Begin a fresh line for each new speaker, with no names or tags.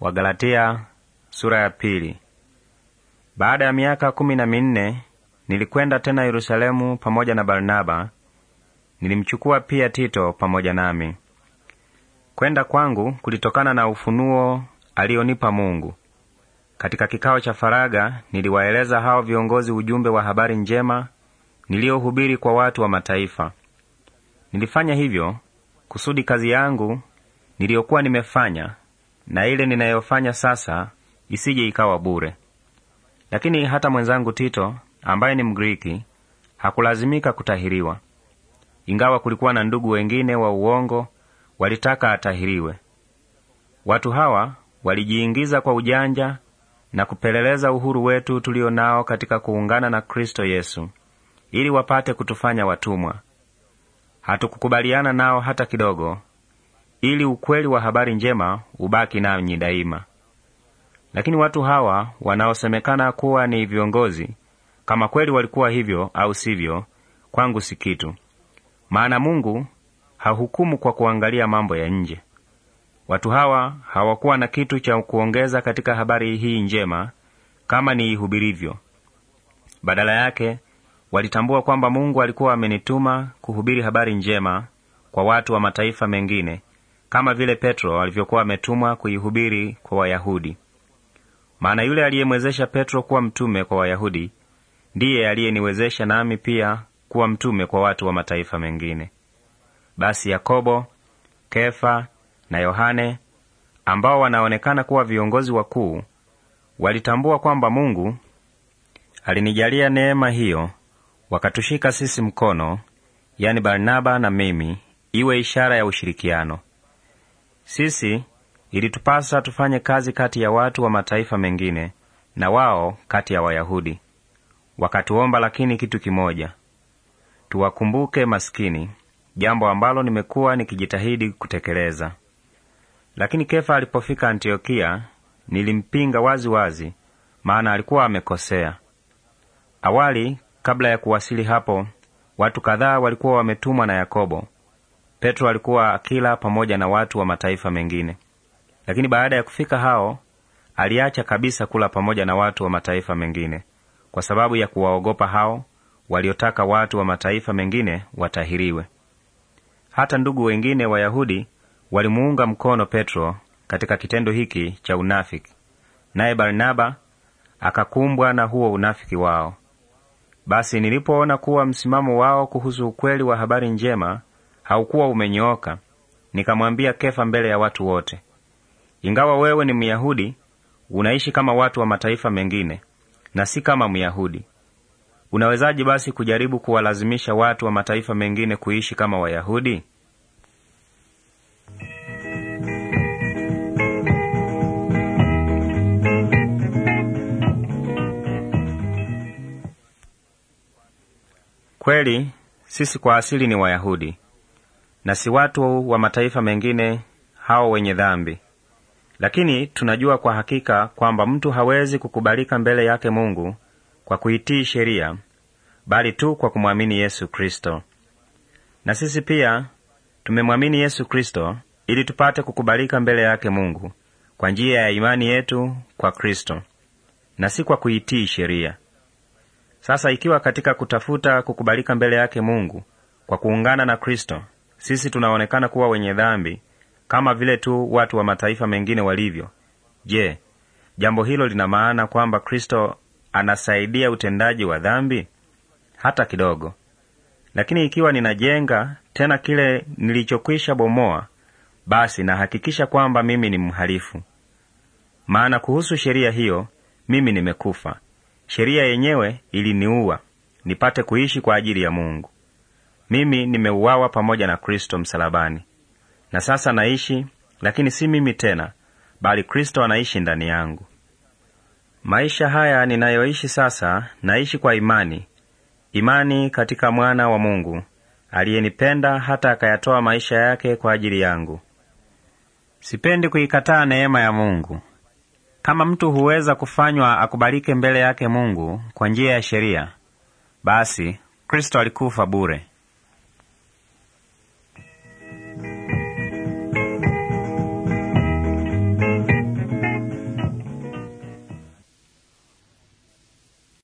Wagalatia sura ya pili. Baada ya miaka kumi na minne nilikwenda tena Yerusalemu pamoja na Barnaba. Nilimchukua pia Tito pamoja nami. Kwenda kwangu kulitokana na ufunuo alionipa Mungu. Katika kikao cha faraga niliwaeleza hao viongozi ujumbe wa habari njema niliyohubiri kwa watu wa mataifa. Nilifanya hivyo kusudi kazi yangu niliyokuwa nimefanya na ile ninayofanya sasa isije ikawa bure. Lakini hata mwenzangu Tito ambaye ni Mgiriki hakulazimika kutahiriwa, ingawa kulikuwa na ndugu wengine wa uongo walitaka atahiriwe. Watu hawa walijiingiza kwa ujanja na kupeleleza uhuru wetu tulio nao katika kuungana na Kristo Yesu ili wapate kutufanya watumwa. Hatukukubaliana nao hata kidogo, ili ukweli wa habari njema ubaki nanyi daima. Lakini watu hawa wanaosemekana kuwa ni viongozi, kama kweli walikuwa hivyo au sivyo, kwangu si kitu, maana Mungu hahukumu kwa kuangalia mambo ya nje. Watu hawa hawakuwa na kitu cha kuongeza katika habari hii njema kama niihubirivyo. Badala yake walitambua kwamba Mungu alikuwa amenituma kuhubiri habari njema kwa watu wa mataifa mengine kama vile Petro alivyokuwa ametumwa kuihubiri kwa Wayahudi. Maana yule aliyemwezesha Petro kuwa mtume kwa Wayahudi ndiye aliyeniwezesha nami pia kuwa mtume kwa watu wa mataifa mengine. Basi Yakobo, Kefa na Yohane ambao wanaonekana kuwa viongozi wakuu walitambua kwamba Mungu alinijalia neema hiyo, wakatushika sisi mkono, yani Barnaba na mimi, iwe ishara ya ushirikiano. Sisi ilitupasa tufanye kazi kati ya watu wa mataifa mengine na wao kati ya Wayahudi. Wakatuomba lakini kitu kimoja, tuwakumbuke maskini, jambo ambalo nimekuwa nikijitahidi kutekeleza. Lakini Kefa alipofika Antiokia nilimpinga wazi wazi, maana alikuwa amekosea. Awali kabla ya kuwasili hapo, watu kadhaa walikuwa wametumwa na Yakobo Petro alikuwa akila pamoja na watu wa mataifa mengine, lakini baada ya kufika hao aliacha kabisa kula pamoja na watu wa mataifa mengine kwa sababu ya kuwaogopa hao waliotaka watu wa mataifa mengine watahiriwe. Hata ndugu wengine Wayahudi walimuunga mkono Petro katika kitendo hiki cha unafiki, naye Barnaba akakumbwa na huo unafiki wao. Basi nilipoona kuwa msimamo wao kuhusu ukweli wa habari njema haukuwa umenyooka, nikamwambia Kefa mbele ya watu wote, ingawa wewe ni Myahudi, unaishi kama watu wa mataifa mengine na si kama Myahudi. Unawezaje basi kujaribu kuwalazimisha watu wa mataifa mengine kuishi kama Wayahudi? Kweli sisi kwa asili ni Wayahudi, na si watu wa mataifa mengine hao wenye dhambi. Lakini tunajua kwa hakika kwamba mtu hawezi kukubalika mbele yake Mungu kwa kuitii sheria, bali tu kwa kumwamini Yesu Kristo. Na sisi pia tumemwamini Yesu Kristo ili tupate kukubalika mbele yake Mungu kwa njia ya imani yetu kwa Kristo na si kwa kuitii sheria. Sasa ikiwa katika kutafuta kukubalika mbele yake Mungu kwa kuungana na Kristo sisi tunaonekana kuwa wenye dhambi kama vile tu watu wa mataifa mengine walivyo. Je, jambo hilo lina maana kwamba Kristo anasaidia utendaji wa dhambi? Hata kidogo. Lakini ikiwa ninajenga tena kile nilichokwisha bomoa, basi nahakikisha kwamba mimi ni mhalifu. Maana kuhusu sheria hiyo, mimi nimekufa. Sheria yenyewe iliniua, nipate kuishi kwa ajili ya Mungu mimi nimeuawa pamoja na kristo msalabani na sasa naishi lakini si mimi tena bali kristo anaishi ndani yangu maisha haya ninayoishi sasa naishi kwa imani imani katika mwana wa mungu aliyenipenda hata akayatoa maisha yake kwa ajili yangu sipendi kuikataa neema ya mungu kama mtu huweza kufanywa akubalike mbele yake mungu kwa njia ya sheria basi kristo alikufa bure